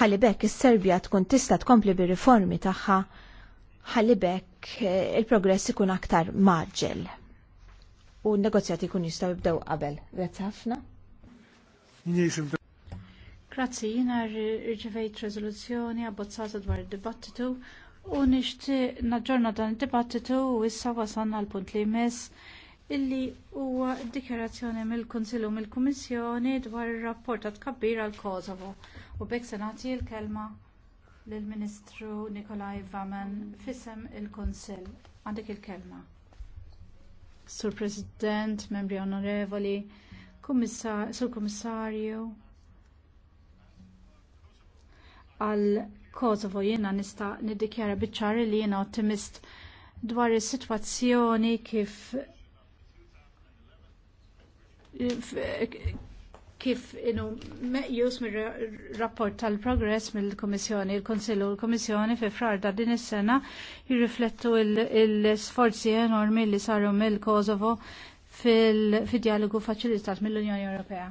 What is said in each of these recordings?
ħalli bekk is-Serbja tkun tista' tkompli bir-riformi tagħha ħalli bekk eh, il-progress ikun aktar maġġel. U n-negozjati jkun jistgħu jibdew qabel. Grazzi ħafna. Grazzi, jiena rċevejt rezoluzzjoni abbozzata dwar id-dibattitu u nixtieq naġġorna dan id-dibattitu u issa wasanna l punt li jmiss illi huwa dikjarazzjoni mill-Kunsillu mill-Kummissjoni dwar ir-rapport ta' tkabbir għal Kosovo U bekk se nagħti l-kelma lill-Ministru Nikolaj Vamen fisem il-Kunsill. Għandek il-kelma. Sur President, membri onorevoli, Sur Kummissarju, għal Kosovo jiena nista niddikjara biċċar li jiena ottimist dwar is-sitwazzjoni kif kif inu meqjus mir-rapport tal-progress mill-Komissjoni, il-Konsillu u l-Komissjoni fi frarda din is-sena jirriflettu l-sforzi enormi li saru mill-Kosovo fil-dialogu faċilitat mill-Unjoni Ewropea.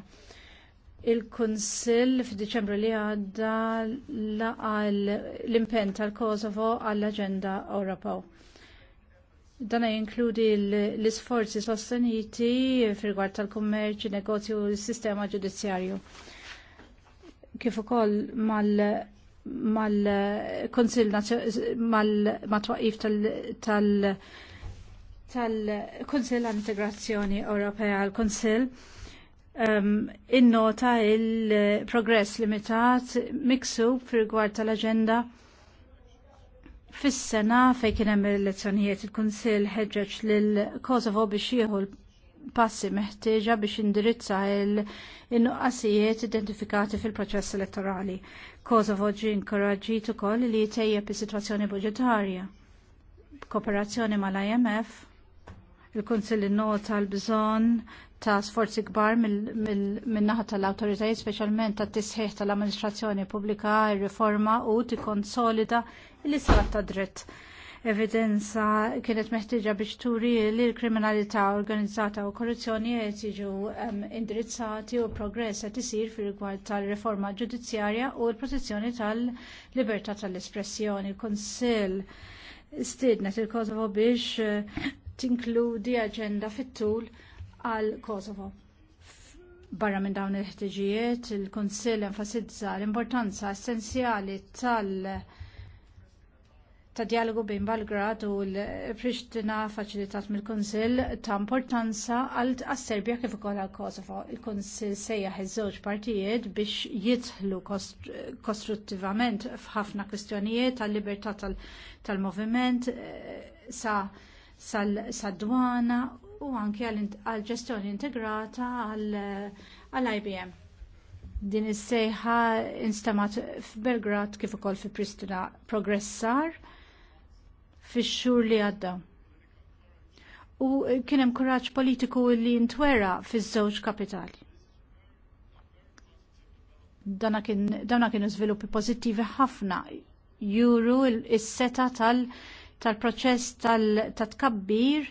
Il-Konsill f'Diċembru li għadda laqa l-impen tal-Kosovo għall-Aġenda Ewropew Dana jinkludi l-isforzi sosteniti fil-gwart tal-kummerċ, negozju u s-sistema ġudizzjarju. Kif ukoll mal-Konsil mal-matwaqif tal-Konsil għal integrazzjoni Ewropea għal konsil um, innota il-progress limitat miksub fil-gwart tal-agenda Fis-sena fejn kien hemm il elezzjonijiet il-Kunsill ħeġġeġ lil Kosovo biex jieħu l passi meħtieġa biex indirizza l-innuqqasijiet identifikati fil-proċess elettorali. Kosovo ġie inkoraġġit ukoll li jtejjeb is-sitwazzjoni budġetarja. Kooperazzjoni mal-IMF, il-Kunsill innota l-bżonn ta' sforzi kbar min-naħa tal-autoritajiet, speċjalment tat tisħiħ tal-amministrazzjoni pubblika, ir-riforma u tikkonsolida li sarat ta' dritt. Evidenza kienet meħtieġa biex turi li l-kriminalità organizzata u korruzzjoni qed jiġu indirizzati u progress qed isir fir-rigward tal-riforma ġudizzjarja u l-protezzjoni tal-libertà tal-espressjoni. Kunsill stidnet il-Kosovo biex eh, tinkludi aġenda fit-tul għal Kosovo. Barra minn dawn il-ħtiġijiet, il kunsill enfasizza l-importanza essenzjali tal- ta' dialogu bejn Belgrad u l-Prishtina faċilitat mill-Kunsill ta' importanza għal għas-Serbja kif ukoll għal Kosovo. Il-Kunsill sejjaħ iż-żewġ partijiet biex jidħlu kostruttivament f'ħafna kwistjonijiet tal libertà tal-moviment eh, sa' dwana u anke għal ġestjoni integrata għal IBM. Din is-sejħa instamat f'Belgrad kif ukoll fi Pristina progressar fix-xhur li għadda. U kien hemm kuraġġ politiku li ntwera fiż-żewġ kapitali. Dana kienu żviluppi pożittivi ħafna juru is-seta tal-proċess tal tal-tkabbir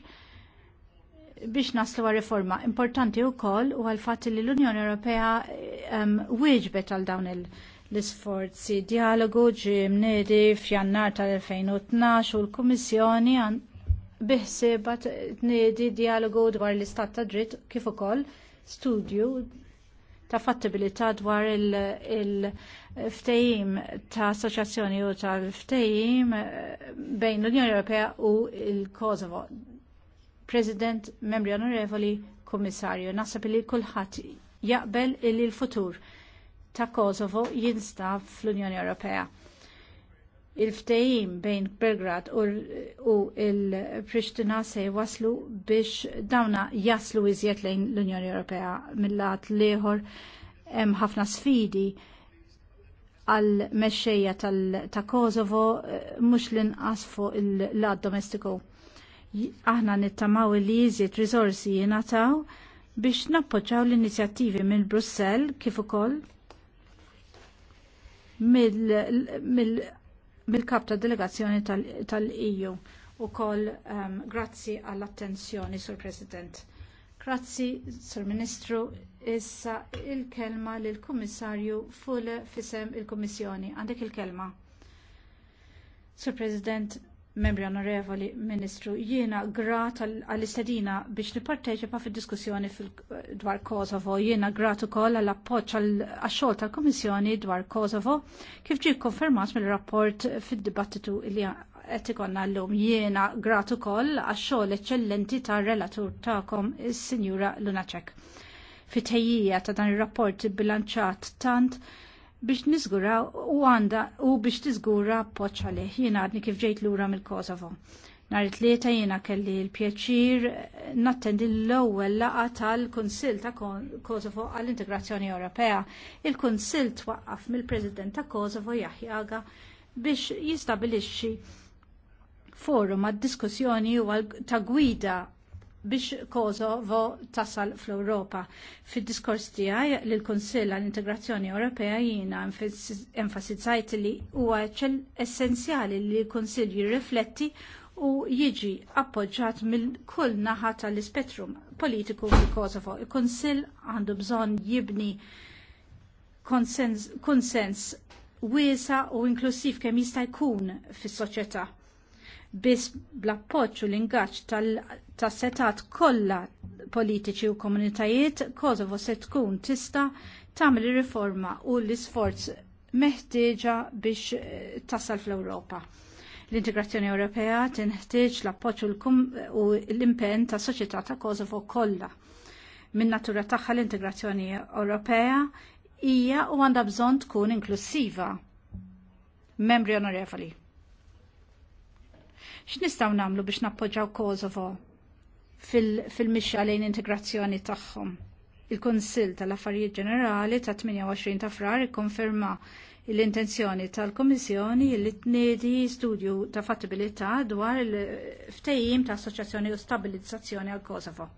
biex naslu għal riforma importanti u koll u għal fatt li l-Unjoni Ewropea um, wieġbet għal dawn il- l-isforzi. Dialogu ġi mnedi f'jannar tal-2012 u l-Kummissjoni biħsiba tniedi dialogu dwar l-istat ta' dritt kif ukoll studju ta' fattibilità dwar il-ftejim ta' assoċjazzjoni u tal-ftejim eh, bejn l-Unjoni Ewropea u il-Kosovo. President, membri onorevoli, Kummissarju, nasab li kulħadd jaqbel illi l-futur ta' Kosovo jinstab fl-Unjoni Ewropea. Il-ftehim bejn Belgrad u il pristina se waslu biex dawna jaslu iżjed lejn l-Unjoni Ewropea mill-lat liħor hemm ħafna sfidi għal mexxejja ta' Kosovo eh, mhux l-inqas fuq il-lat domestiku. Aħna nittamaw li jiżjed riżorsi jingħataw biex nappoġġaw l-inizjattivi minn Brussell kif ukoll mill-kap ta' delegazzjoni tal-EU u koll um, grazzi għall-attenzjoni, Sur President. Grazzi, Sur Ministru, issa il-kelma lill-Kummissarju Fule fisem il-Kummissjoni. Għandek il-kelma. Sur President, membri onorevoli, Ministru, jiena grat għall-istedina biex nipparteċipa fid diskussjoni dwar Kosovo, jiena grat ukoll għall-appoċ għax-xogħol tal-Komissjoni dwar Kosovo, kif ġie konfermat mill-rapport fid-dibattitu li qed l llum. Jiena grat ukoll għax-xogħol eċċellenti tar-relatur tagħkom il sinjura Lunacek. Fit-tejjija ta' dan ir-rapport bilanċat tant biex nizguraw u għanda u biex tiżgura poċa għalih. Jiena għadni kif ġejt lura mill-Kosovo. Nhar it-tlieta jiena kelli l-pjaċir eh, nattendi l-ewwel laqgħa tal-Kunsill ta' Kosovo għall-Integrazzjoni Ewropea. Il-Kunsill twaqqaf mill-President ta' Kosovo jaħjaga biex jistabilixxi forum għad diskussjoni u ta' gwida biex Kosovo tasal fl-Europa. Fid-diskors tiegħi li l-Kunsill għall-Integrazzjoni Ewropea jiena enfasizzajt li huwa essenzjali li l-Kunsill jirrifletti u jiġi appoġġjat mill kull naħa tal-ispettrum politiku fil-Kosovo. Il-Kunsill għandu bżonn jibni konsens, konsens wiesa u inklusiv kemm jista' jkun fis-soċjetà. Biss bl-appoġġ u l-ingaġġ tal- ta' setat kollha politiċi u komunitajiet Kosovo se tkun tista' tagħmel riforma u l-isforz meħtieġa biex eh, tasal fl-Ewropa l-integrazzjoni Ewropea tinħtieġ l-appoġġ u l-impenn ta' soċjetà ta' Kosovo kollha. Min natura tagħha l-integrazzjoni Ewropea hija u għandha bżonn tkun inklusiva. Membri onorevoli. X'nistgħu nagħmlu biex nappoġġaw Kosovo fil mixja lejn integrazzjoni tagħhom. Il-Kunsill tal-Affarijiet Ġenerali ta' 28 ta' frar ikkonferma l-intenzjoni tal-Komissjoni li tniedi studju ta' fattibilità dwar il-ftejim ta' Assoċjazzjoni u Stabilizzazzjoni għal Kosovo.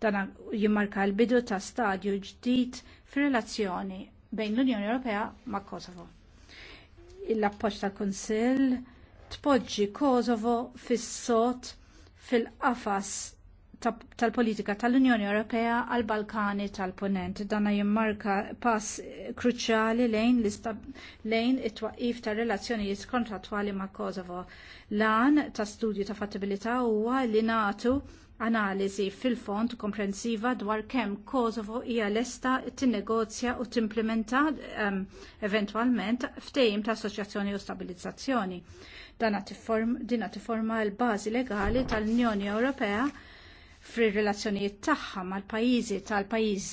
Dan jimmarka l-bidu ta' stadju ġdid fir-relazzjoni bejn l-Unjoni Ewropea ma' Kosovo. Il-appoġġ tal-Kunsill tpoġġi Kosovo fis-sot fil-qafas tal-politika tal-Unjoni Ewropea għall balkani tal-Ponent. Dana jimmarka pass kruċjali lejn lejn it-twaqif ta' relazzjonijiet kontrattwali ma' Kosovo. Lan ta' studju ta' fattibilità huwa li natu analiżi fil-fond komprensiva dwar kemm Kosovo hija lesta tinnegozja u timplementa um, eventwalment ftehim ta' assoċjazzjoni u stabilizzazzjoni. Dana tifforma l-bażi legali tal-Unjoni Ewropea fir-relazzjonijiet tagħha mal-pajjiżi tal-pajjiż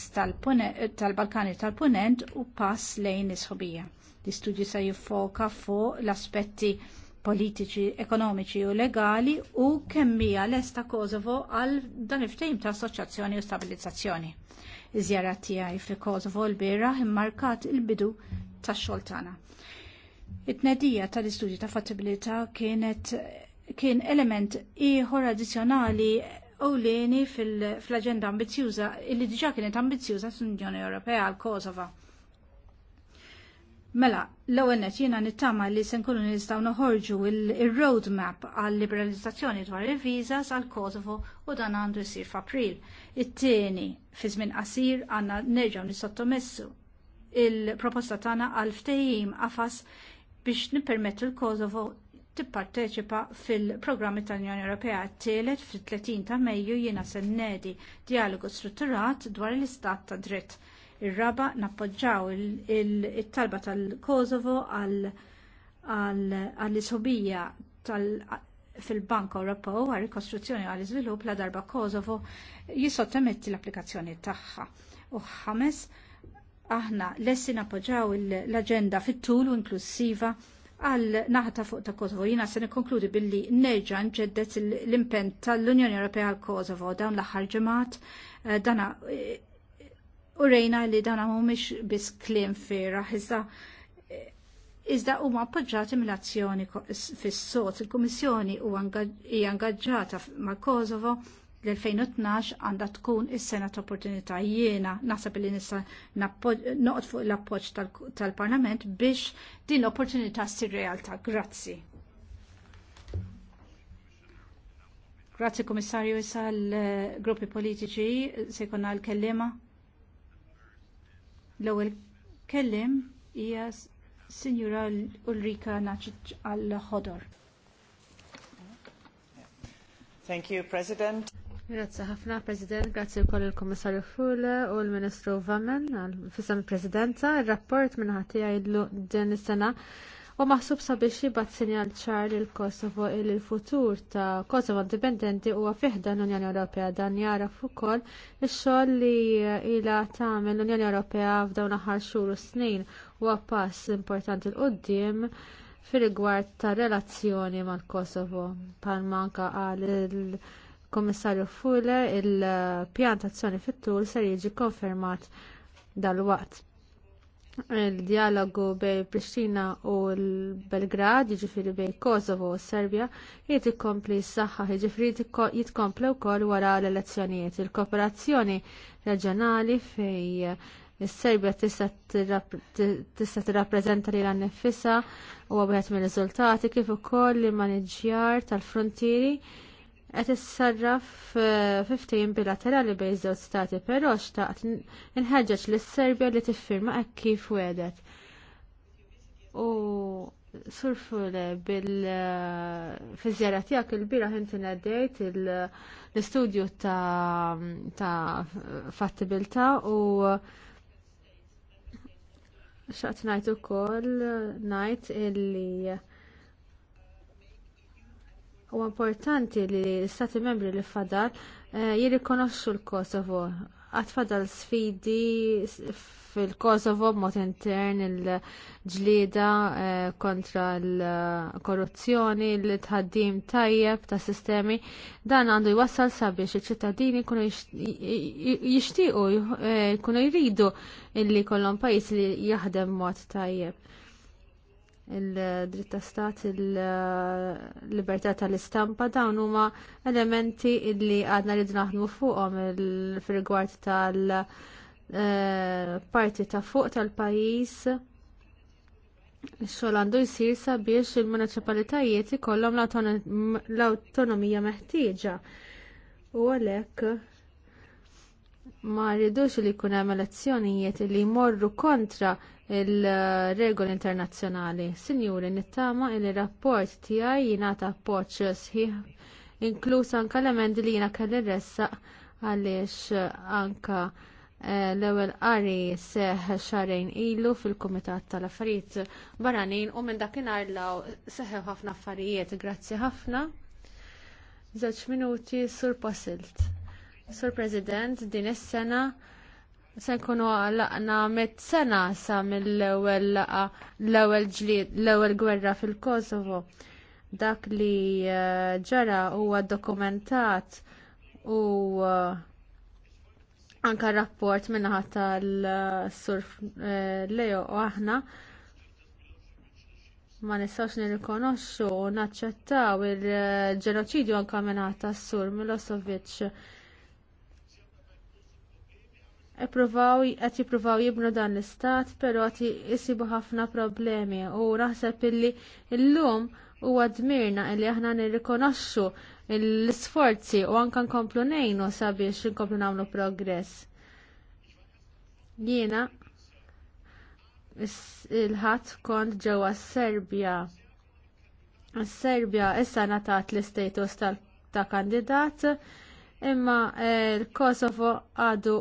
tal-Balkani tal-Punent u pass lejn is-ħobija. L-istudju se jiffoka fuq l-aspetti politiċi, ekonomiċi u legali u kemm hija ta' Kosovo għal dan il-ftehim ta' assoċjazzjoni u stabilizzazzjoni. Iż-żjara tiegħi fi Kosovo l-bieraħ immarkat il-bidu tax-xogħol tagħna. It-tnedija tal-istudju ta' fattibilità kienet kien element ieħor addizzjonali ewlieni fil-aġenda ambizjuża illi diġà kienet ambizjuża fl-Unjoni Ewropea għal Kosova. Mela, l-ewwel net nittama li se nkunu nistgħu noħorġu il-roadmap għal liberalizzazzjoni dwar il-viżas għal Kosovo u dan għandu jisir f'April. It-tieni fi żmien qasir għandna nerġgħu nissottomessu il-proposta tagħna għal ftehim qafas biex nippermettu l-Kosovo tipparteċipa fil-programmi tal-Unjoni Ewropea t-telet fil-30 ta' Mejju jiena sennedi dialogu strutturat dwar l-istat ta' dritt. Ir-raba nappoġġaw il-talba tal-Kosovo għall-isobija fil-Bank Ewropew għal rikostruzzjoni għal iżvilupp la darba Kosovo jissottemetti l-applikazzjoni tagħha. U ħames aħna lessi nappoġġaw l-aġenda fit-tul u inklusiva għal naħta fuq ta' Kosovo. Jina se nikkonkludi billi nerġa' nġeddet l-impenn tal-Unjoni Ewropea għal Kosovo dawn l-aħħar ġimgħat eh, dana eh, u rejna li dana mhumiex biss kliem fera, iżda eh, iżda huma appoġġati mill-azzjoni fis-sot. Il-Kummissjoni hija angaġġata ma' Kosovo l-2012 għandha tkun is-sena ta' opportunità jiena naħseb li nista' noqgħod fuq l-appoġġ tal-Parlament biex din l-opportunità ssir realtà. Grazzi. Grazzi Komissarju issa l-gruppi politiċi se jkollna l-kellima. L-ewwel kellim hija Signora Ulrika Nacic għall ħodor. Thank you, President. Grazzi ħafna, President, grazzi wkoll il-Komissarju Fule u l-Ministru Vamen, fissam il-Presidenza, il-rapport minn ħati għajdlu din is-sena u maħsub sabiex jibat sinjal ċar il kosovo il futur ta' Kosovo indipendenti u fiħda l-Unjoni Ewropea dan jaraf ukoll il xogħol li ila tagħmel l-Unjoni Ewropea f'dawn aħħar xhur u snin huwa pass importanti l-qudiem fil gwart ta' relazzjoni mal-Kosovo, Pan manka għal Kommissarju Fule il-pjan tazzjoni fit-tul ser jiġi konfermat dal-waqt. Il-dialogu bej Pristina u l-Belgrad, jiġifieri bej Kosovo u Serbja, jiet ikompli s-saxħa, jiġifieri jitkompli wkoll wara l-elezzjonijiet. Il-kooperazzjoni reġjonali fej Is-Serbja tista' tirrappreżenta lilha nnifisha u wieħed mir-riżultati kif ukoll il-maniġjar tal-frontieri qed issarraf 15 eh, bilaterali bejn żewġ stati, però xtaqt inħeġġeġ lis serbja li tiffirma hekk kif wedet. U surfule bil eh, fiżjara tiegħek il-bira inti ngħaddejt l-istudju ta' fattibilità u xaqt ngħid ukoll ngħid illi U importanti li l-Stati membri li fadal eh, jirrikonoxxu l-Kosovo. Għat fadal sfidi fil-Kosovo b'mod intern il-ġlida eh, kontra l-korruzzjoni, l-tħaddim tajjeb ta' sistemi, dan għandu jwassal sabiex iċ-ċittadini kunu jishtiqu, eh, kunu jridu illi kollhom pajjiż li jaħdem mod tajjeb il-dritt ta' stat, il-libertà tal-istampa, dawn huma elementi li għadna li naħdmu fuqhom fil-rigward tal-parti eh, ta' fuq tal-pajjiż. Xogħol għandu jsir sabiex il-municipalitajiet ikollhom l-awtonomija meħtieġa. U għalhekk ma rridux li jkun hemm elezzjonijiet li jmorru kontra il-regoli internazzjonali. Sinjuri, nittama il-rapport tiegħi jingħata appoġġ sħiħ, inkluż anke l-emendi li jiena kelli ressaq għaliex anke eh, l-ewwel qari seħ xarejn ilu fil-Kumitat tal-Affarijiet Barranin u minn dakinhar law seħew ħafna affarijiet. Grazzi ħafna. Żewġ minuti sur posilt. Sur President, din is-sena se nkunu laqna mit sena sa mill-ewwel laqa l-ewwel ġlied l-ewwel gwerra fil-Kosovo. Dak li eh, ġara huwa dokumentat u eh, anka rapport minnaħat tal-sur eh, Leo u aħna ma nistawx nirrikonoxxu u naċċettaw il-ġenoċidju anka minnaħat tas-sur Milosevic Ipruvaw, għat jipruvaw jibnu dan l-istat, pero għat jisibu ħafna problemi u raħseb illi l-lum u għadmirna illi aħna nirrikonoxxu l-sforzi u anka nkomplu nejnu sabiex nkomplu namlu progress. Jiena il-ħat kont ġewwa Serbja. Serbja issa natat l-istatus ta' kandidat imma eh, l-Kosovo għadu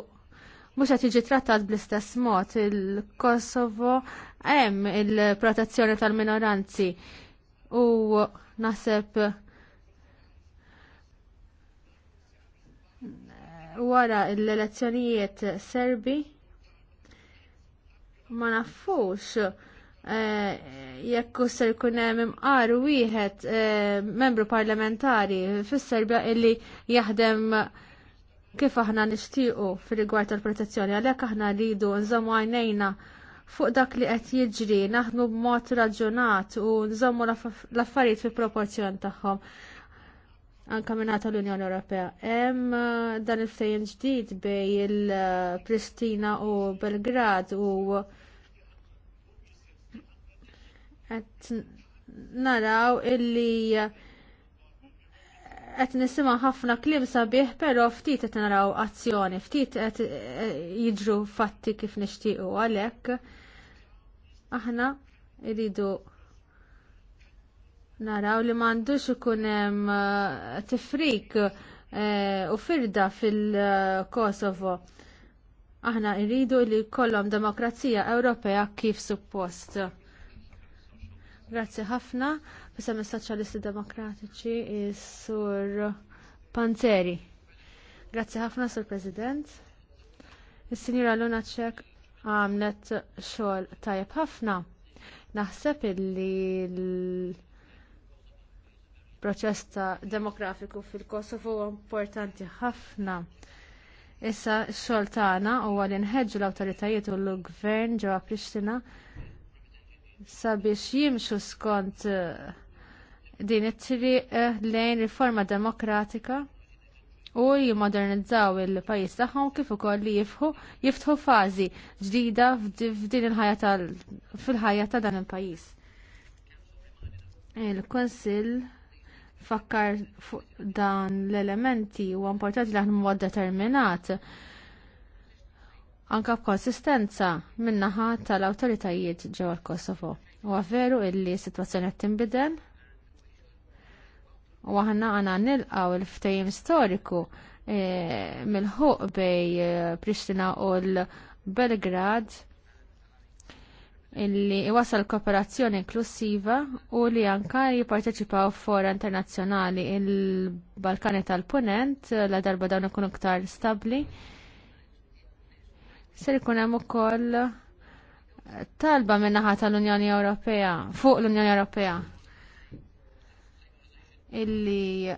mhux qed jiġi trattat bl-istess mod il-Kosovo hemm il-protezzjoni tal-minoranzi u naseb wara l-elezzjonijiet Serbi ma nafux eh, jekk ser jkun hemm imqar wieħed eh, membru parlamentari fis-Serbja illi jaħdem kif aħna nixtiequ fir-rigward tal-protezzjoni għalhekk aħna rridu nżommu għajnejna fuq dak li qed jiġri naħdmu b'mod raġunat u nżommu l-affarijiet fil proporzjon tagħhom anka minn l-Unjoni Ewropea. Hemm uh, dan il fejn ġdid bej il-Pristina u Belgrad u qed naraw illi qed nisimgħu ħafna kliem sabiħ, però ftit qed naraw azzjoni, ftit qed eh, jiġru fatti kif nixtiequ għalhekk. Aħna rridu naraw li m'għandux ikun hemm eh, tifrik eh, u firda fil-Kosovo. Aħna rridu li kollhom demokrazija Ewropea kif suppost. Grazzi ħafna. Fissam il-Soċjalisti Demokratiċi is-Sur Panzeri. Grazzi ħafna, Sur President. Is-Sinjura Luna Ċek għamlet xogħol tajjeb ħafna. Naħseb illi l proċess demografiku fil-Kosovo huwa importanti ħafna. Issa x-xogħol tagħna huwa li l-awtoritajiet u l-gvern ġewwa Prixtina sabiex jimxu skont uh, din it-triq eh, lejn riforma demokratika u jimodernizzaw il-pajis tagħhom kif ukoll li jifħu jiftħu fażi ġdida f'din il-ħajja tal fil-ħajja ta' dan il-pajis. Il-Kunsill fakkar fuq dan l-elementi u importanti li aħna mod determinat anka b'konsistenza min-naħa tal-awtoritajiet ġewwa l-Kosovo. Huwa veru illi s-sitwazzjoni qed tinbidel U aħna għana nilqaw il-ftajim storiku eh, mill-ħuq bej eh, Pristina u l-Belgrad illi wasal kooperazzjoni inklusiva u li anka jipparteċipaw fora internazzjonali il-Balkani tal-Punent la darba dawn ikun iktar stabli. Ser ikun hemm ukoll talba min-naħa tal-Unjoni Ewropea fuq l-Unjoni Ewropea illi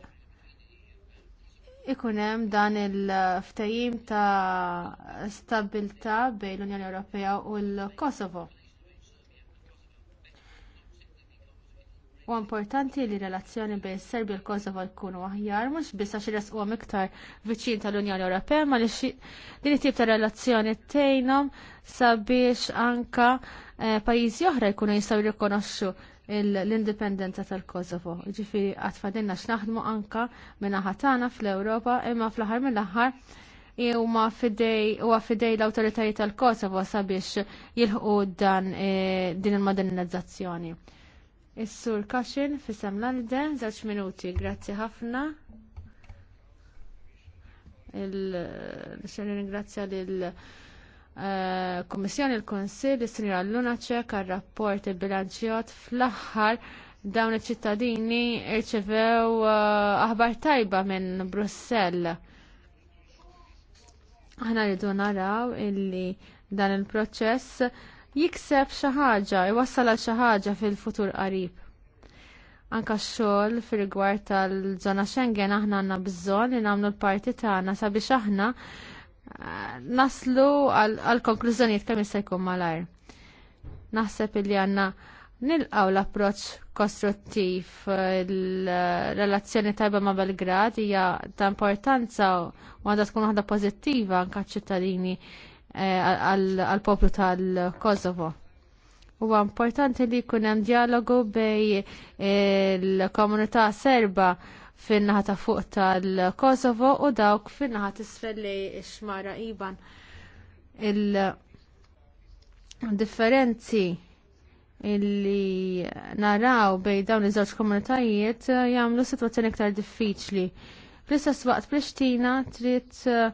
ikun hemm dan il-ftajim ta' stabilta bejn l-Unjoni Ewropea u l-Kosovo. U importanti li relazzjoni bejn Serbia u l-Kosovo jkunu aħjar, mhux biss għax u iktar viċin tal-Unjoni Ewropea, ma li din it-tip ta' relazzjoni tejnom sabiex anka eh, pajjiżi oħra jkunu jistgħu jirrikonoxxu l-indipendenza tal-Kosovo. Ġifiri, għatfadinna xnaħdmu anka minna ħatana fl-Europa imma fl-ħar mill-ħar fidej u fidej l-autoritajiet tal-Kosovo sabiex jilħu dan e, din il-modernizzazzjoni. Is-sur Kaxin fisem l-Alden, żewġ minuti, grazzi ħafna. Il-xerri ringrazzja lil Eh, Komissjoni l-Konsil is-Sinjora Lunaċek għar-rapport il-bilanċjot fl-aħħar dawn iċ-ċittadini irċevew eh, aħbar tajba minn Brussell. Aħna rridu naraw illi dan il-proċess jikseb xi ħaġa, iwassal għal xi ħaġa fil-futur qarib. Anka x-xogħol fir-rigward tal-żona Schengen aħna għandna bżonn li nagħmlu l-parti tagħna sabiex aħna naslu għal konklużjonijiet kemm jista' jkun malajr. Naħseb illi għandna nilqaw l-approċ kostruttiv il-relazzjoni tajba ma' Belgrad hija ta' importanza u għandha tkun waħda pożittiva anke ċittadini eh, għal-poplu tal-Kosovo. Huwa importanti li jkun hemm dialogu bej il-komunità eh, serba fin-naħa ta' fuq tal-Kosovo u dawk fin-naħa t'isfel xmara iban il-differenzi illi naraw bej dawn iż-żewġ komunitajiet eh, jagħmlu sitwazzjoni iktar diffiċli. Fl-istess waqt Pristina trid eh,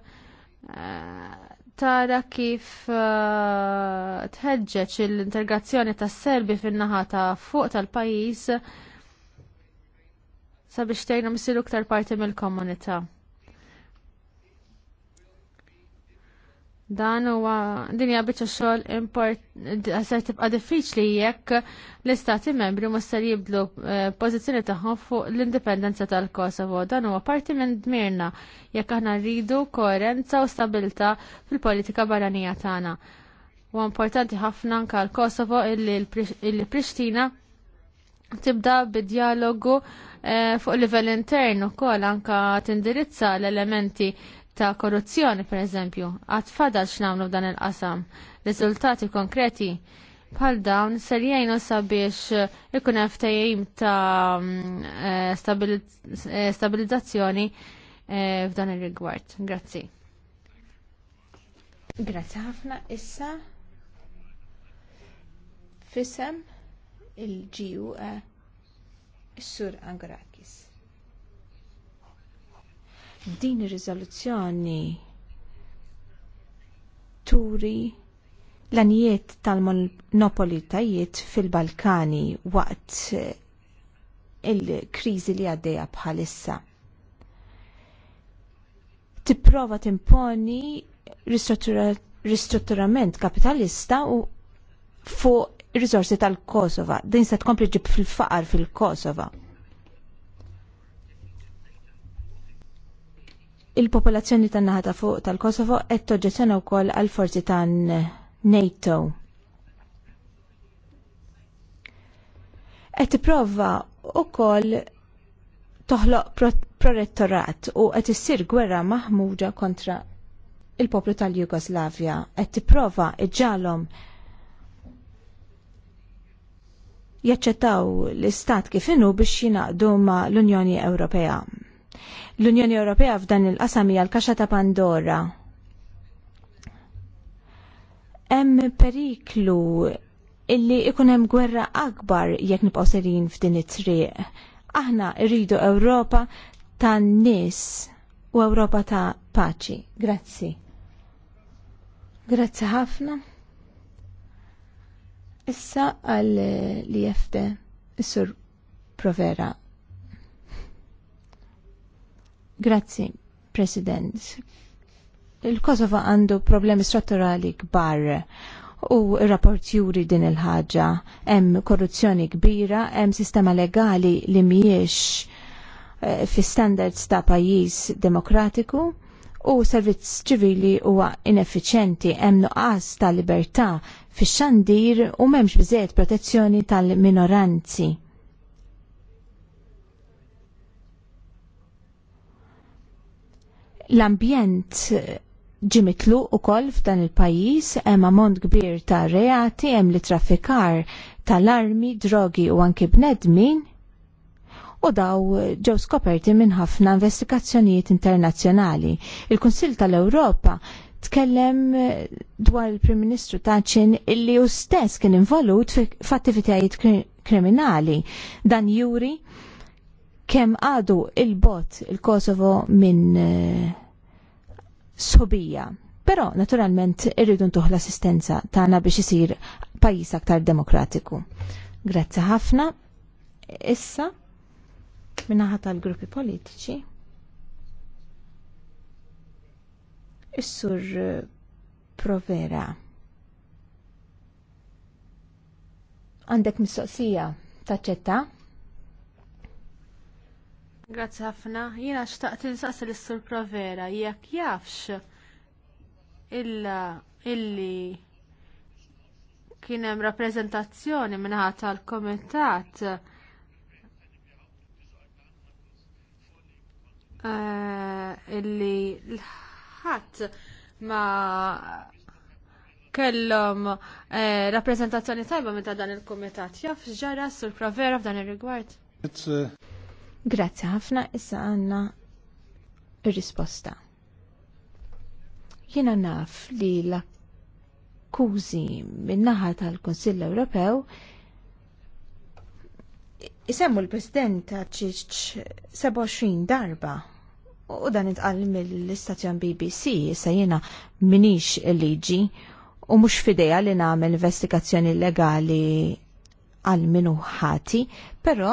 tara kif eh, tħeġġeġ l-integrazzjoni tas-Serbi fin-naħa ta' fuq tal-pajjiż sabiex tejna msiru ktar parti mill-komunità. Dan huwa dinja biċċa xogħol import se tibqa' diffiċli jekk l-istati membri mhux se jibdlu eh, pożizzjoni tagħhom fuq l-indipendenza tal-Kosovo. Dan huwa parti minn dmirna jekk aħna rridu koerenza u stabilta fil-politika barranija tagħna. Huwa importanti ħafna anke l-Kosovo illi l-Prixtina tibda bid-dialogu Eh, fuq livell intern ukoll anke tindirizza l-elementi ta' korruzzjoni pereżempju. Għad fadal x'namlu f'dan il-qasam. Riżultati konkreti bħal dawn ser jgħinu sabiex ikun hemm ftehim ta' mm, eh, eh, stabilizzazzjoni f'dan ir-rigward. Grazzi. Grazzi ħafna issa fisem il-GUE Sur Angarakis. Din ir-riżoluzzjoni turi l-anijiet tal-monopolitajiet fil-Balkani waqt eh, il-kriżi li għaddejja bħalissa. Tipprova timponi ristrutturament kapitalista u fuq il-rizorsi tal-Kosova. Din se tkompli ġib fil-faqar fil-Kosova. Il-popolazzjoni tan-naħa ta' fuq tal-Kosovo qed toġġezzjona wkoll għal forzi tan NATO. Qed tipprova wkoll toħloq prorettorat u qed issir gwerra maħmuġa kontra il-poplu tal-Jugoslavja qed tipprova iġġalhom jaċċettaw l-istat kif inhu biex jingħaqdu ma' l-Unjoni Ewropea. L-Unjoni Ewropea f'dan il-qasam hija l-kaxa ta' Pandora. Hemm periklu illi ikun hemm gwerra akbar jekk nibqgħu serin f'din it-triq. Aħna rridu Ewropa tan-nies u Ewropa ta' paċi. Grazzi. Grazzi ħafna. Issa għal eh, li jefte sur provera. Grazzi, President. Il-Kosova għandu problemi strutturali kbar u rapport juri din il-ħaġa. Hemm korruzzjoni kbira, hemm sistema legali li mhijiex eh, fi standards ta' pajjiż demokratiku u servizz ċivili huwa ineffiċenti hemm nuqqas ta' libertà fix-xandir u m'hemmx biżejjed protezzjoni tal-minoranzi. L-ambjent ġimitlu u koll f'dan il-pajis hemm ammont kbir ta' reati hemm li traffikar tal-armi, drogi u anki bnedmin u daw ġew skoperti minn ħafna investigazzjonijiet internazzjonali. Il-Kunsill tal-Ewropa tkellem eh, dwar il-Prim Ministru Taċin illi u stess kien involut f'attivitajiet kriminali. Dan juri kemm għadu il-bot il-Kosovo minn uh, sobija. Però naturalment irridu ntuħ l-assistenza tagħna biex isir pajjiż aktar demokratiku. Grazzi ħafna. Issa minnaħa tal-gruppi politiċi. Is-sur eh, provera. Għandek mistoqsija taċċetta? Grazzi ħafna. Jiena xtaqt insaqsi l-sur provera jekk jafx illa illi kien hemm rappreżentazzjoni minħata tal-komitat Eh, illi l-ħadd ma kellhom eh, rappreżentazzjoni tajba minn ta' dan il-kumitat. Jaf ġara sur provera f'dan il rigward eh, Grazzi ħafna issa għandna ir-risposta. Jiena naf li l-akkużi min-naħa tal-Kunsill Ewropew isemmu l-President ta' ċiċ 27 darba u dan itqal mill-istazzjon BBC issa jiena minix il-liġi u mhux fideja li nagħmel investigazzjoni legali għal minu ħati, però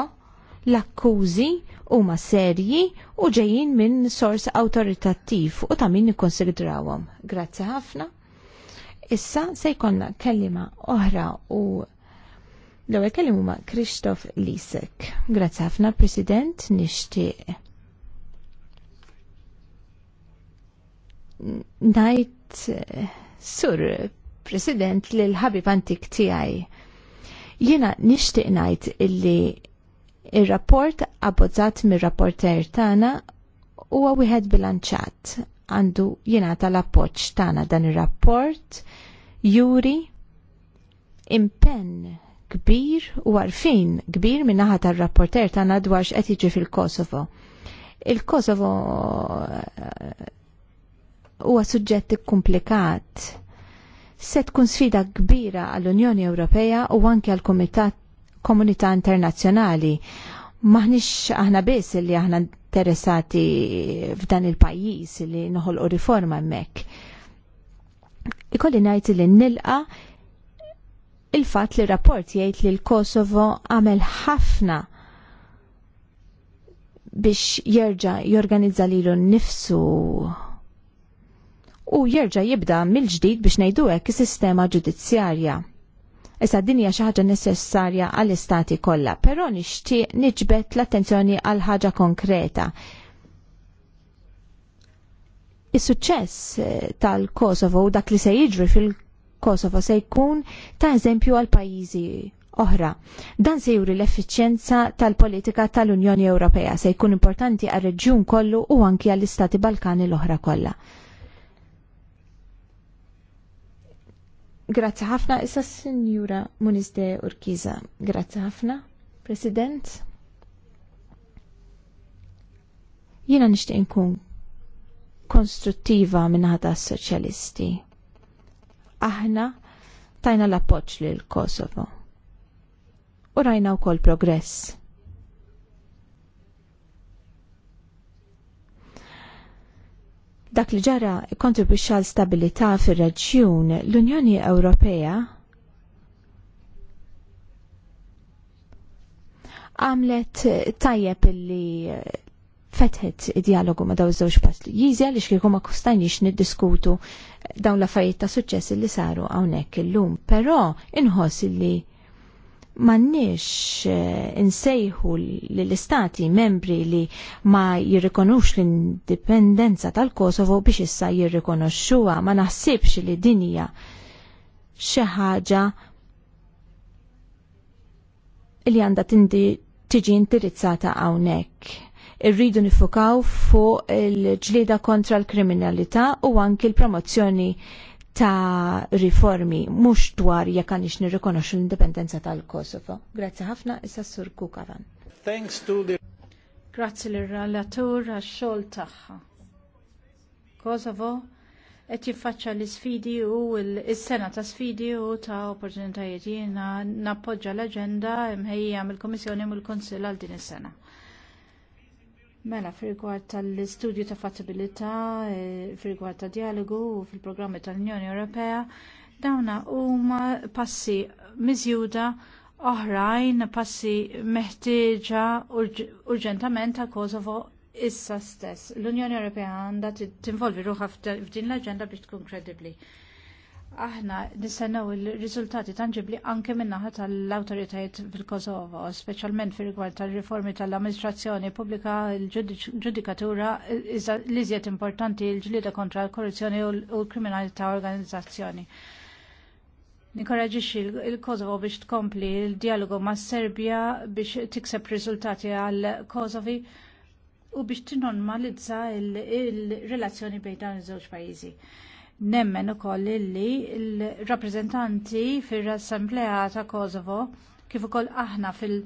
l-akkużi huma serji u ġejjin minn sors awtoritattiv u ta' min nikkonsidrawhom. Grazzi ħafna. Issa se jkollna kellima oħra u L-ewwel kellim huma Kristof Lisek. Grazzi ħafna President nixtieq. Najt sur President li l-ħabib antik tiegħi. Jiena nixtieq ngħid illi ir-rapport abbozzat mir-rapporter tagħna huwa wieħed bilanċat għandu jena tal-appoċ tana dan ir-rapport juri impenn kbir u għarfin kbir minnaħa tar-rapporter ta' dwar x'qed fil-Kosovo. Il-Kosovo eh, huwa suġġetti komplikat. Se tkun sfida kbira għall-Unjoni Ewropea u anke għall Komunità Internazzjonali. Maħniex aħna biss li aħna interessati f'dan il-pajjiż li noħolqu riforma hemmhekk. Ikolli ngħid li nilqa' il-fat li rapport jgħid li l-Kosovo għamel ħafna biex jerġa' jorganizza lilu nnifsu u jerġa' jibda mill-ġdid biex ngħidu hekk is-sistema ġudizzjarja. Issa din hija xi ħaġa necessarja għall-istati kollha, però nixtieq niġbed l-attenzjoni għal ħaġa konkreta. Is-suċċess eh, tal-Kosovo u dak li se jiġri fil- Kosovo se jkun ta' eżempju għal pajjiżi oħra. Dan se juri l-effiċjenza tal-politika tal-Unjoni Ewropea se jkun importanti għal reġjun kollu u anki għall istati Balkani l-oħra kollha. Grazzi ħafna issa Sinjura Munizde Urkiza. Grazzi ħafna, President. Jiena nixtieq nkun konstruttiva minn tas-soċjalisti aħna tajna l-appoġġ l Kosovo. U rajna wkoll progress. Dak li ġara kontribwixxa għal stabilità fir-reġjun l-Unjoni Ewropea għamlet tajjeb illi fetħet dialogu ma daw iż-żewġ pajjiżi għaliex kieku ma kustajniex niddiskutu dawn l-affarijiet ta' suċċess li saru hawnhekk illum, però inħoss li mannix eh, insejħu l-istati membri li ma jirrikonux l-indipendenza tal-Kosovo biex issa jirrikonoxxuha ma naħsibx li dinja xi ħaġa li għandha tindi tiġi indirizzata hawnhekk irridu nifukaw fuq il-ġlieda kontra l-kriminalità u anki l-promozzjoni ta' riformi mhux dwar jekk għandix nirrikonoxxu l-indipendenza tal-Kosovo. Grazzi ħafna issa sur Kukavan. Thanks to the Grazzi l-relatur għax-xogħol tagħha. Kosovo qed jiffaċċa l-isfidi u l-sena ta' sfidi u ta' opportunitajiet jiena nappoġġa l-aġenda mħejja mill-Kummissjoni mill kunsill għal din is-sena. Mela, fil-rigward tal-istudju ta' fattibilità, e, fil-rigward ta' dialogu u fil-programmi tal-Unjoni Ewropea, dawna huma passi miżjuda oħrajn, passi meħtieġa urġentament ta' Kosovo issa stess. L-Unjoni Ewropea għandha tinvolvi ruħha f'din l-aġenda biex tkun kredibbli aħna nistennew il-riżultati tangibli anke min-naħa tal-awtoritajiet fil-Kosovo, speċjalment fir rigward tal-riformi tal-amministrazzjoni pubblika, il-ġudikatura, l iżjed importanti l-ġlieda kontra l-korruzzjoni u l-kriminalità organizzazzjoni. Nikoraġixxi il-Kosovo biex tkompli il-dialogu mas Serbja biex tikseb riżultati għal Kosovi u biex tinormalizza il-relazzjoni bejn dawn iż-żewġ pajjiżi. Nemmen ukoll illi l-rappreżentanti fir-Assemblea ta' Kosovo kif ukoll aħna fil-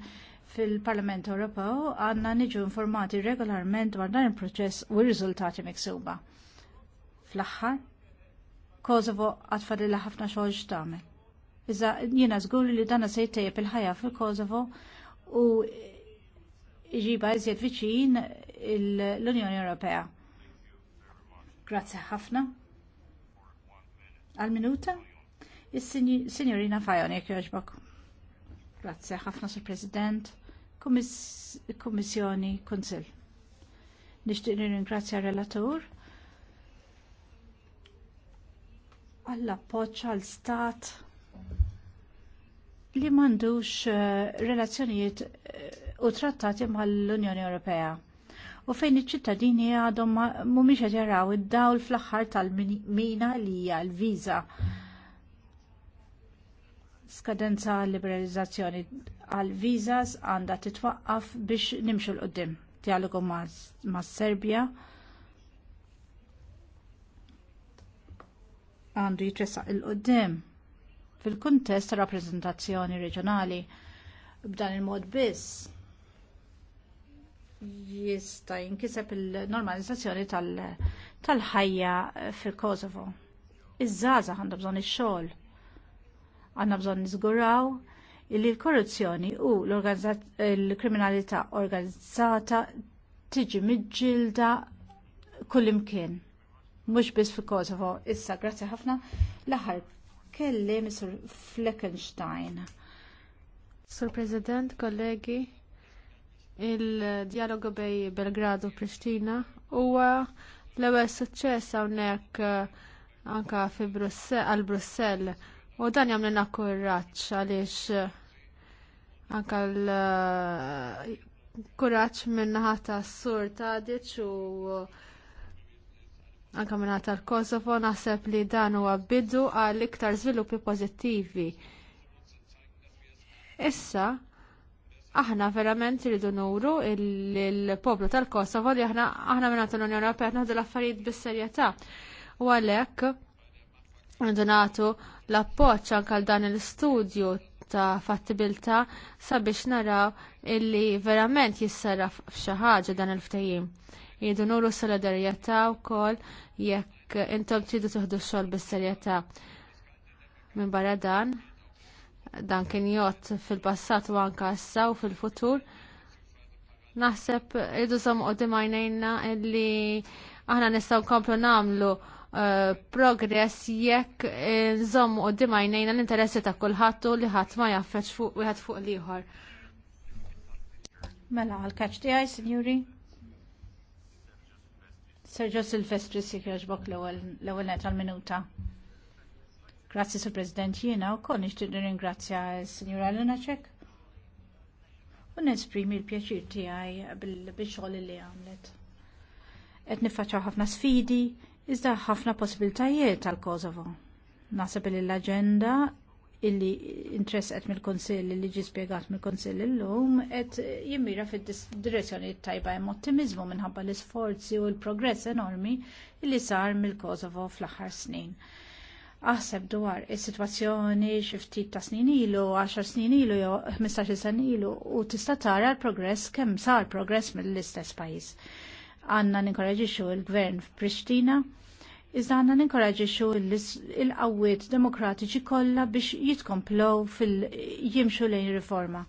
fil-Parlament Ewropew għandna niġu informati regolarment dwar dan il-proċess u r-riżultati miksuba. Fl-aħħar, Kosovo għatfadilla ħafna xogħol x'tagħmel. Iżda jiena żgur li dana se jtejjeb il-ħajja fil-Kosovo u jġiba iżjed viċin l-Unjoni Ewropea. Grazzi ħafna. Għal-minuta? il sinjorina Fajoni, kjoġbok. Grazie, ħafna sur President, Kommissjoni, Konsil. Nishtiq ringrazzja relatur għall-appoċ għal-stat li mandux eh, relazzjonijiet eh, u trattati mal-Unjoni Ewropea u fejn iċ-ċittadini għadhom mhumiex qed jaraw id-dawl fl-aħħar tal-mina li hija l-viża. Skadenza liberalizzazzjoni għal visas għandha titwaqqaf biex nimxu l-qoddim. Dialogu ma' Serbia għandu jitressaq il-qoddim fil-kuntest ta' rappreżentazzjoni reġjonali b'dan il-mod biss jista jinkiseb il-normalizzazzjoni tal-ħajja tal fil-Kosovo. Iż-żaza għandha bżonn ix-xogħol. Għandna bżonn niżguraw illi l-korruzzjoni u l-kriminalità organizzata tiġi miġġilda kullimkien. Mhux biss fil-Kosovo. Issa, grazzi ħafna, l-aħħar kelli Mr. Fleckenstein. Sur President, kollegi, il-dialogu bej Belgradu u Pristina huwa l-ewwel suċċess hawnhekk eh, anka Brussell għal Brussell u dan jagħmlilna kuraġġ għaliex eh, anka l-kuraġġ eh, min-naħa s Sur Tadic u anka minna tal-Kosovo naħseb li dan huwa bidu għal iktar żviluppi pożittivi. Issa, aħna verament rridu nuru il-poplu tal-Kosovo li aħna aħna minn l-Unjoni Ewropea naħdu l-affarijiet bis-serjetà. U għalhekk rridu nagħtu l-appoġġ anke dan l-istudju ta' fattibilità sabiex naraw illi verament jissara f'xi ħaġa dan il-ftehim. Jidu nuru solidarjetà wkoll jekk intom tridu toħdu x-xogħol bis-serjetà. Minn barra dan, dan kien jott fil-passat u anka issa u fil-futur. Naħseb idu sam u dimajnejna li aħna nistaw komplu namlu uh, eh, progress jekk eh, nżommu u dimajnejna l-interessi ta' kullħattu li ħadd ma jaffeċ fuq wieħed fuq l-ieħor. Mela, għal-kaċ tiegħi, sinjuri? Sergio Silvestri si bok l-ewel net għal-minuta. Grazzi Sur President jiena u koll nixtieq ringrazzja s-Sinjura Lunacek u nesprimi l-pjaċir tiegħi bil-xogħol li għamlet. Qed nifacħa ħafna sfidi, iżda ħafna possibiltajiet tal-Kosovo. Naħseb l-aġenda illi interess interesqet mill-Konsill li ġi spjegat mill-Konsill l-lum qed jimmira fid-direzzjoni tajba hemm ottimizmu minħabba l-isforzi u l-progress enormi illi sar mill-Kosovo fl-aħħar snin aħseb dwar is-sitwazzjoni xi ftit ta' snin ilu, 10 snin ilu jew 15 snin ilu u tista' tara l-progress kemm sar progress mill-istess pajjiż. ninkoraġi xu l-gvern f'Prixtina iżda għandna xu l-qawwiet demokratiċi kollha biex jitkomplow fil-jimxu lejn riforma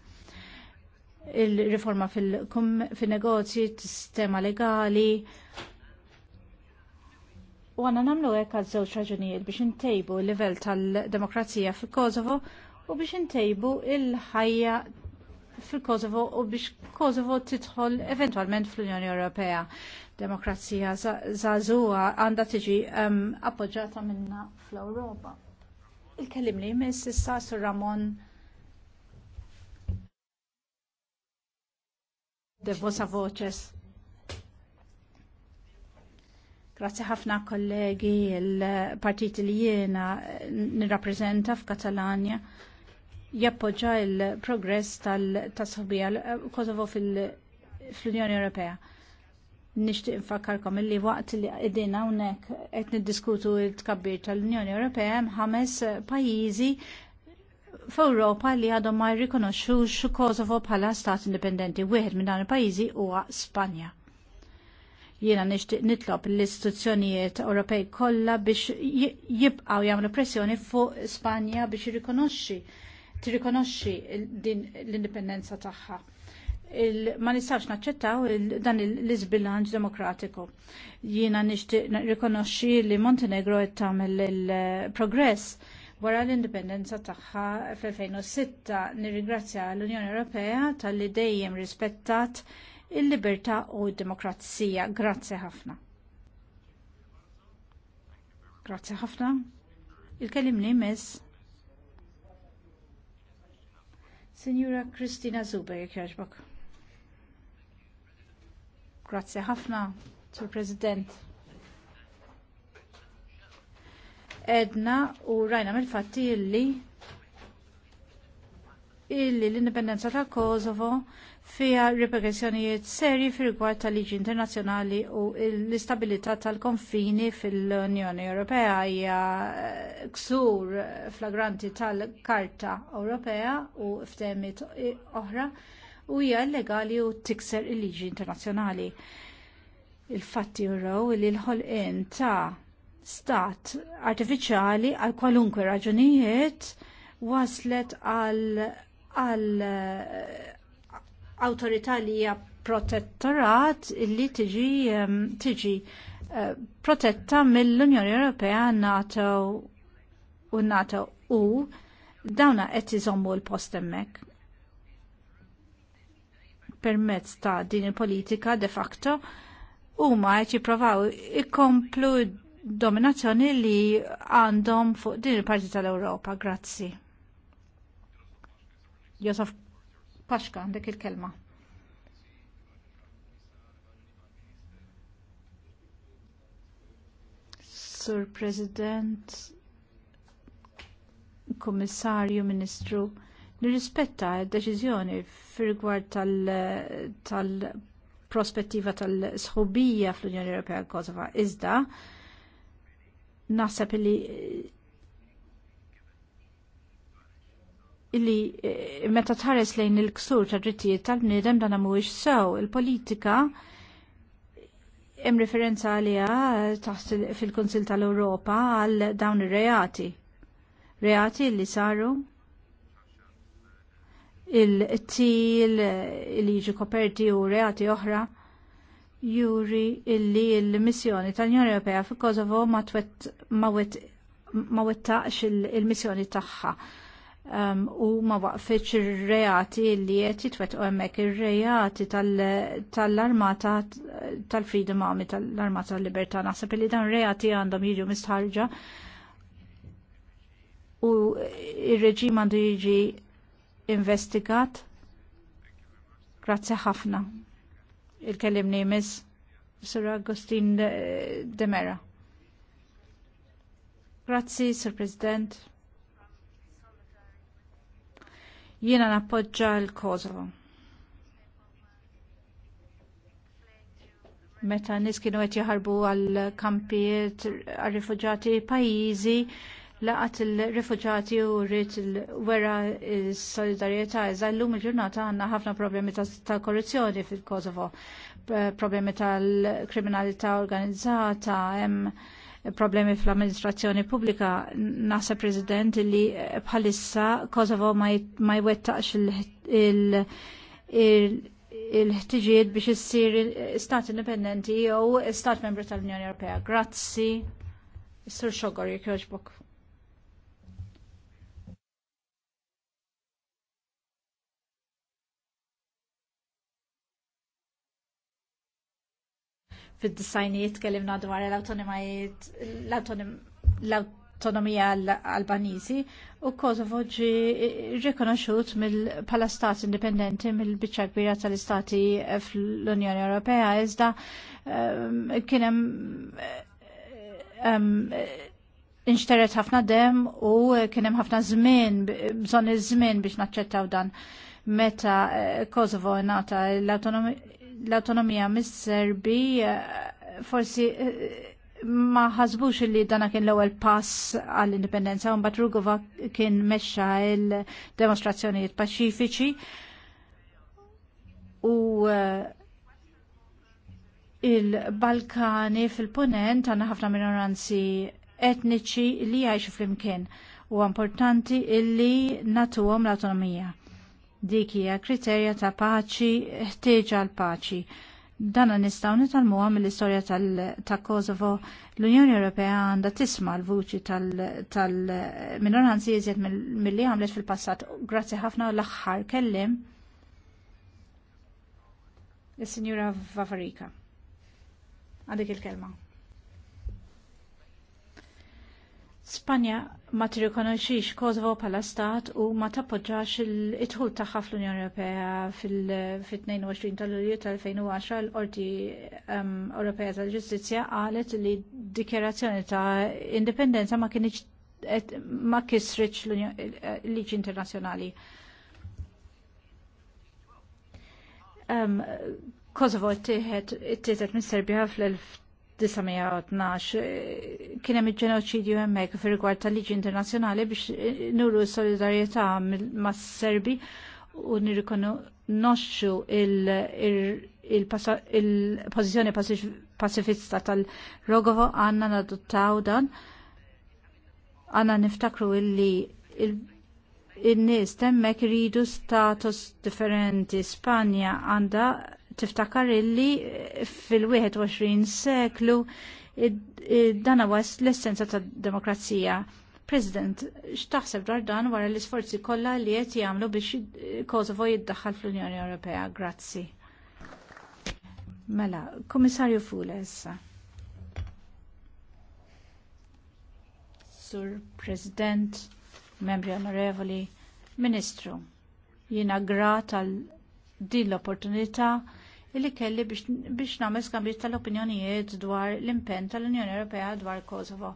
il-riforma fil-negozji, sistema legali, U għanna namlu għek għal żewġ raġunijiet biex intejbu l-level tal-demokrazija fil-Kosovo u biex intejbu il-ħajja fil-Kosovo u biex Kosovo titħol eventualment fl-Unjoni Ewropea. Demokrazija zazua għanda tiġi um, ehm, appoġġata minna fl-Europa. Il-kellim li jmiss Sur Ramon de Vosa Voces. Grazie ħafna kollegi il-partiti li jiena eh, nirrappreżenta f'Katalanja jappoġġa il-progress tal-tasħobija eh, Kosovo fil-Unjoni Ewropea nishtiq nfakkarkom illi waqt li qegħdin hawnhekk qed niddiskutu t-tkabbir tal-Unjoni Ewropea hemm ħames eh, pajjiżi f'Ewropa li għadhom ma jirrikonoxxux Kosovo bħala stat indipendenti. Wieħed minn dawn il-pajjiżi huwa Spanja. Jiena nixtieq nitlob l-istituzzjonijiet Ewropej kollha biex jibqgħu jagħmlu pressjoni fuq Spanja biex jirrikonoxxi tirrikonoxxi din l-indipendenza tagħha. Ma nistax naċċettaw dan l-izbilanċ demokratiku. Jiena nixtieq rikonoxxi li Montenegro qed tagħmel il-progress wara l-indipendenza tagħha fl-2006 nirringrazzja l-Unjoni Ewropea talli dejjem rispettat il-libertà u d-demokrazija. Grazzi ħafna. Grazzi ħafna. il kellimni li mis. Signora Kristina Zuber, jekħarġbak. Grazzi ħafna, Sur President edna u rajna mill-fatti illi illi l-indipendenza ta' Kosovo fija ripercussjonijiet serji fil-rigward tal-liġi internazzjonali u l-istabilità tal-konfini fil-Unjoni Ewropea hija eh, ksur flagranti tal-Karta Ewropea u ftehmiet oħra u hija illegali u tikser il-liġi internazzjonali. Il-fatti jurraw li l-ħolqien ta' stat artifiċjali għal kwalunkwe raġunijiet waslet għal awtorità li hija protettorat li tiġi ehm, tiġi eh, protetta mill-Unjoni Ewropea NATO u NATO u dawna qed iżommu l-post hemmhekk. Permezz ta' din il-politika de facto huma qed jippruvaw ikomplu dominazzjoni li għandhom fuq din il-parti tal-Ewropa. Grazzi. Josef Paxka, għandek il-kelma. Sur President, Kommissarju, Ministru, nirrispetta d-deċiżjoni fir-rigward tal-prospettiva tal tal-sħubija fl-Unjoni Ewropea Kosova. Iżda, naħseb li illi eh, meta tħares lejn il-ksur ta' drittijiet tal-bniedem dan mhuwiex sew il-politika hemm referenza għaliha taħt fil-Kunsil tal-Ewropa għal dawn ir-reati. Reati li saru il-til li jiġu koperti u reati oħra juri illi l missjoni tal-Unjoni Ewropea fi Kosovo ma wettaqx il-missjoni tagħha Um, u ma waqfitx ir-reati li qed jitwetqu hemmhekk ir-reati tal-armata tal-Freedom Army tal-Armata tal-Libertà naħseb li dan reati għandhom jiġu mistħarġa u ir-reġim għandu jiġi investigat. Grazzi ħafna. Il-kellimni miss? Sir Agustin Demera. Grazzi, Sir President. Jiena nappoġġa l-Kosovo. Meta nis kienu qed jaħarbu għall kampijiet għar-rifuġati pajjiżi laqat il-rifuġati u rrit wera solidarieta iżda l-lum il-ġurnata għanna ħafna problemi ta' korruzzjoni fil-Kosovo, problemi tal-kriminalità organizzata, problemi fl-amministrazzjoni pubblika. Nasa President li bħalissa Kosovo ma jwettaqx il-ħtiġijiet biex issir stat indipendenti jew stat membru tal-Unjoni Ewropea. Grazzi. Sir Xogor, jek joġbok. fid-disajnijiet kellimna dwar l-autonomijiet, l-autonomija albanizi u Kosovo ġi rikonoxut pala stat indipendenti mill-bicċa kbira tal-istati fl-Unjoni Ewropea iżda ehm, kienem ehm, inxteret ħafna dem u kienem ħafna żmien, bżon iż-żmien biex naċċettaw dan meta eh, Kosovo nata l-autonomija l-autonomija mis-Serbi eh, forsi eh, ma ħasbux li dana kien l-ewwel pass għall-indipendenza u mbagħad Rugova kien mexxa l-demonstrazzjonijiet paċifiċi u eh, il-Balkani fil-Punent għandna ħafna minoranzi etniċi li jgħixu flimkien u importanti illi natuhom l-autonomija Dik hija kriterja ta' paċi, ħteġa l paċi. Dana nistgħu nitalmuha mill-istorja ta' Kosovo. L-Unjoni Ewropea għandha tisma l-vuċi tal-minoranzi mill milli għamlet fil-passat. Grazzi ħafna l-aħħar kellim. Is-Sinjura Vavarika. Għadek il-kelma. Spanja ma tirrikonoxix Kosovo bħala stat u ma tappoġġax il-idħul tagħha fl-Unjoni Ewropea fil-22 tal-Lulju tal-2010 l-Qorti ehm, Ewropea tal-Ġustizzja qalet li d-dikjerazzjoni ta' indipendenza ma kienx ma kisritx l-liġi internazzjonali. Ehm, Kosovo t tieħed mis-serbja fl-1912 1912 eh, kien hemm il-ġenoċidju hemmhekk fir-rigward tal-liġi internazzjonali biex eh, nuru s-solidarjetà mas-Serbi u nirrikonoxxu il-pożizzjoni pacifista tal-Rogovo għandna nadottaw dan għandna niftakru illi il-nies temmek iridu status differenti Spanja għandha tiftakar illi fil-21 seklu dan was l-essenza ta' demokrazija. President, x'taħseb dwar dan wara l-isforzi kollha li qed jagħmlu biex Kosovo jiddaħħal fl-Unjoni Ewropea? Grazzi. Mela, Kummissarju Fule issa. Sur President, membri onorevoli, Ministru, jiena grat għal din l-opportunità illi kelli biex nagħmel skambju tal-opinjonijiet dwar l-impenn tal-Unjoni Ewropea dwar Kosovo.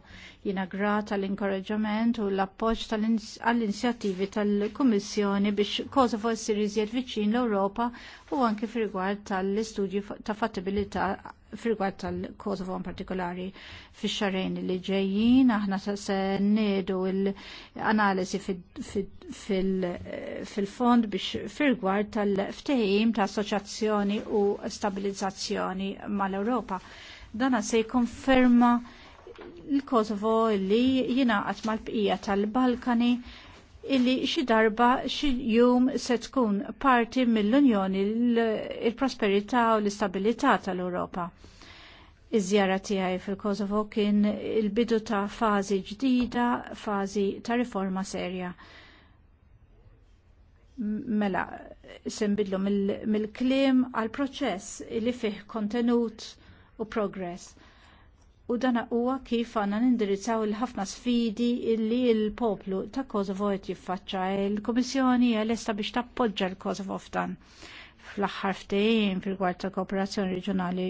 Jiena grata l-inkoraġġament u l-appoġġ għall-inizjattivi tal-Kummissjoni biex Kosovo ssir iżjed viċin l-Ewropa u anke fir-rigward tal-istudju ta' fattibilità firgwad tal-Kosovo in partikolari fi xarajn li ġejjin, aħna se nedu l analisi fil-fond biex firgwad tal-ftehim ta' assoċjazzjoni u stabilizzazzjoni mal-Europa. Dana se jkonferma l-Kosovo li għatma mal-bqija tal-Balkani illi xi darba xi jum se tkun parti mill-Unjoni l prosperità u l-istabilità tal-Ewropa. Iż-żjara tiegħi fil-Kosovo kien il-bidu ta' fażi ġdida, fażi ta' riforma serja. Mela, nbidlu mill kliem għal proċess li fih kontenut u progress u dana huwa kif għanna nindirizzaw il-ħafna sfidi illi il-poplu ta' Kosovo qed jiffaċċa il komissjoni għal-esta biex tappoġġa l-Kosovo f'dan fl-axħar ftehim fil-gwar ta' kooperazzjoni reġjonali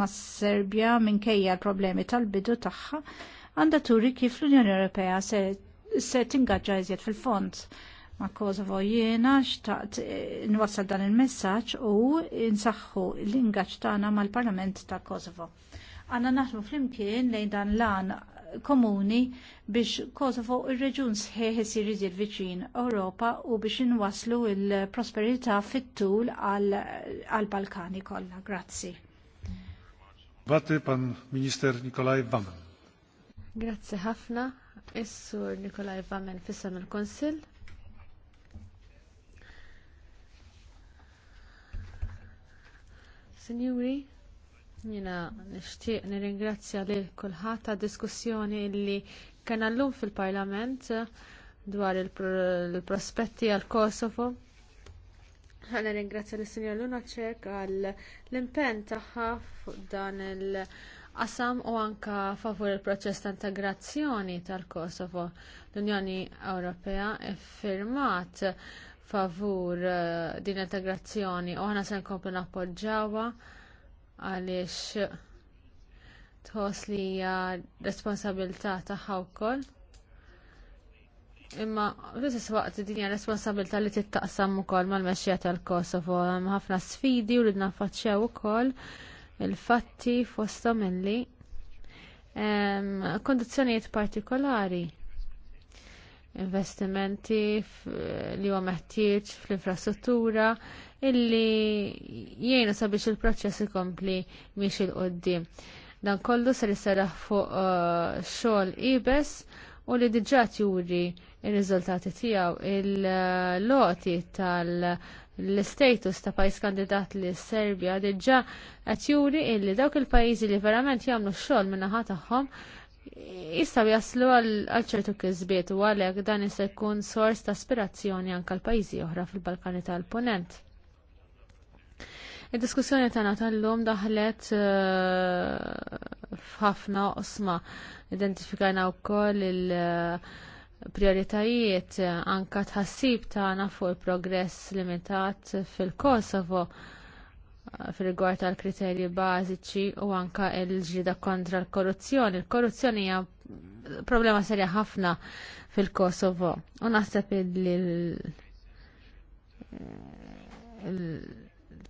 mas Serbja minkejja l-problemi tal-bidu tagħha għandha turi kif l-Unjoni Ewropea se, se tingaġġa iżjed fil-fond ma' Kosovo jiena xtaqt eh, nwassal dan il-messaġġ u insaħħu l-ingaġġ tagħna mal-Parlament ta' Kosovo. Għanna naħdmu flimkien lejn dan lan komuni biex Kosovo ir-reġun sħiħ isir iżjed viċin Europa u biex inwaslu il-prosperità fit-tul għal-Balkani kollha. Grazzi. Bati pan Minister Nikolaj Vamen. Grazzi ħafna, is-Sur Nikolaj Vamen fissam il-Konsil. Signori, Jina nishtiq nirringrazzja li kulħadd diskussjoni li kena allum fil-Parlament dwar il-prospetti għal Kosovo. Għana ringrazzja l-Sinjor Luna Ċek għal l-impen tagħha fuq dan il-qasam u anka favur il-proċess ta' integrazzjoni tal-Kosovo. L-Unjoni Ewropea firmat favur eh, din integrazzjoni u aħna se nkomplu nappoġġawha għaliex tħoss li hija responsabilità tagħha wkoll. Imma fl-istess waqt din hija responsabilità li tittaqsam ukoll mal-mexxija tal-Kosovo hemm ħafna sfidi u li naffaċċjaw ukoll il-fatti fosthom milli kondizzjonijiet partikolari investimenti li huwa meħtieġ fl-infrastruttura, illi jiena sabiex il-proċess ikompli miex il-qoddim. Dan kollu ser jisaraħ fuq uh, xogħol ibes u li diġà juri il-riżultati tiegħu il-loti tal-status ta' pajjiż kandidat li Serbja diġà qed juri illi dawk il-pajjiżi li verament jagħmlu x-xogħol min-naħa tagħhom jistaw jaslu għal ċertu kizbiet u għalhekk dan jista' jkun sors ta' aspirazzjoni anke l pajjiżi oħra fil-Balkani tal-Punent. Id-diskussjoni tagħna tal-lum daħlet eh, f'ħafna osma identifikajna wkoll il-prioritajiet eh, anka tħassib tagħna fuq il-progress limitat fil-Kosovo eh, fil-rigward tal-kriterji bażiċi u anka l-ġrida kontra l-korruzzjoni. Il-korruzzjoni hija problema serja ħafna fil-Kosovo. U naħseb li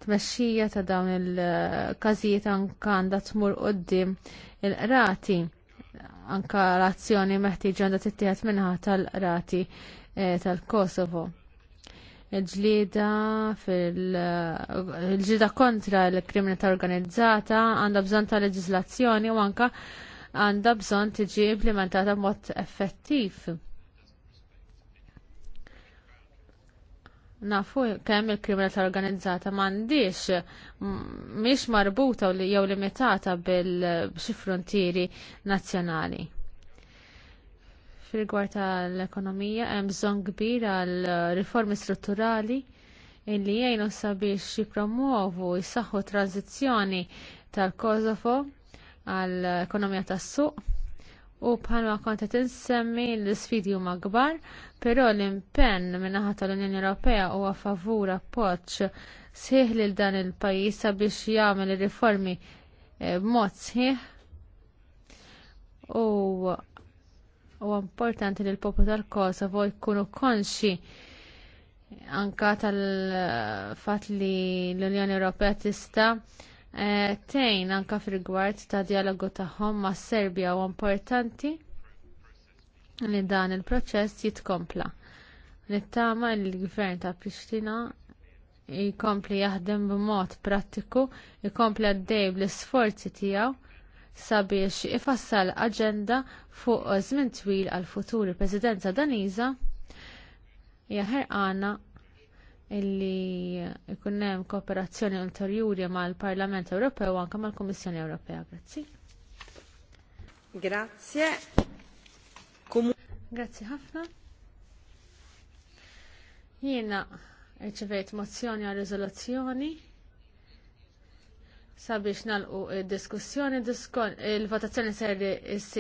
tmexxija ta' dawn il-każijiet anka għandha tmur qoddim il-qrati anka l-azzjoni meħtieġa għandha tittieħed minħa tal-qrati eh, tal-Kosovo. Il-ġlida fil-ġlida kontra l-kriminalità organizzata għandha bżonn ta' leġiżlazzjoni u anka għandha bżonn tiġi implementata b'mod effettiv nafu kemm il-kriminalità organizzata m'għandix mhix marbuta jew limitata bil-xi frontieri nazzjonali. Fil-gwar tal-ekonomija hemm bżonn kbir għal riformi strutturali illi jgħinu sabiex jipromuovu jsaħħu tranzizzjoni tal-Kosovo għall ekonomija tas-suq u bħalma kontet insemmi l isfidi huma kbar, però l-impenn min-naħa tal-Unjoni Ewropea huwa favur appoġġ sħiħ lil dan il-pajjiż sabiex jagħmel ir-riformi eh, b'mod sħiħ u huwa importanti li l-poplu tal-Kosovo jkunu konxi anka tal-fat li l-Unjoni Ewropea tista' Eh, tejn anka fil-gwart ta' dialogu tagħhom mas Serbja u importanti li dan il-proċess jitkompla. Nittama li l-gvern ta' Prishtina jkompli jaħdem b'mod prattiku, jkompli għaddej bl-isforzi tiegħu sabiex ifassal aġenda fuq żmien twil għal futuri il-Presidenza Daniża illi jkun hemm kooperazzjoni ulterjuri mal-Parlament Ewropew u anke mal-Kummissjoni Ewropea. Grazzi. Grazie. Comun Grazzi ħafna. Jiena rċevejt mozzjoni għal riżoluzzjoni sabiex nalqu id-diskussjoni, il-votazzjoni ser